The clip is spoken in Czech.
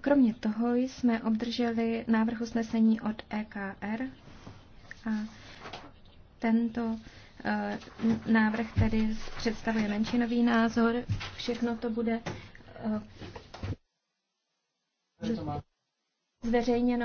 Kromě toho jsme obdrželi návrh usnesení od EKR a tento eh, návrh tedy představuje menšinový názor. Všechno to bude eh, zveřejněno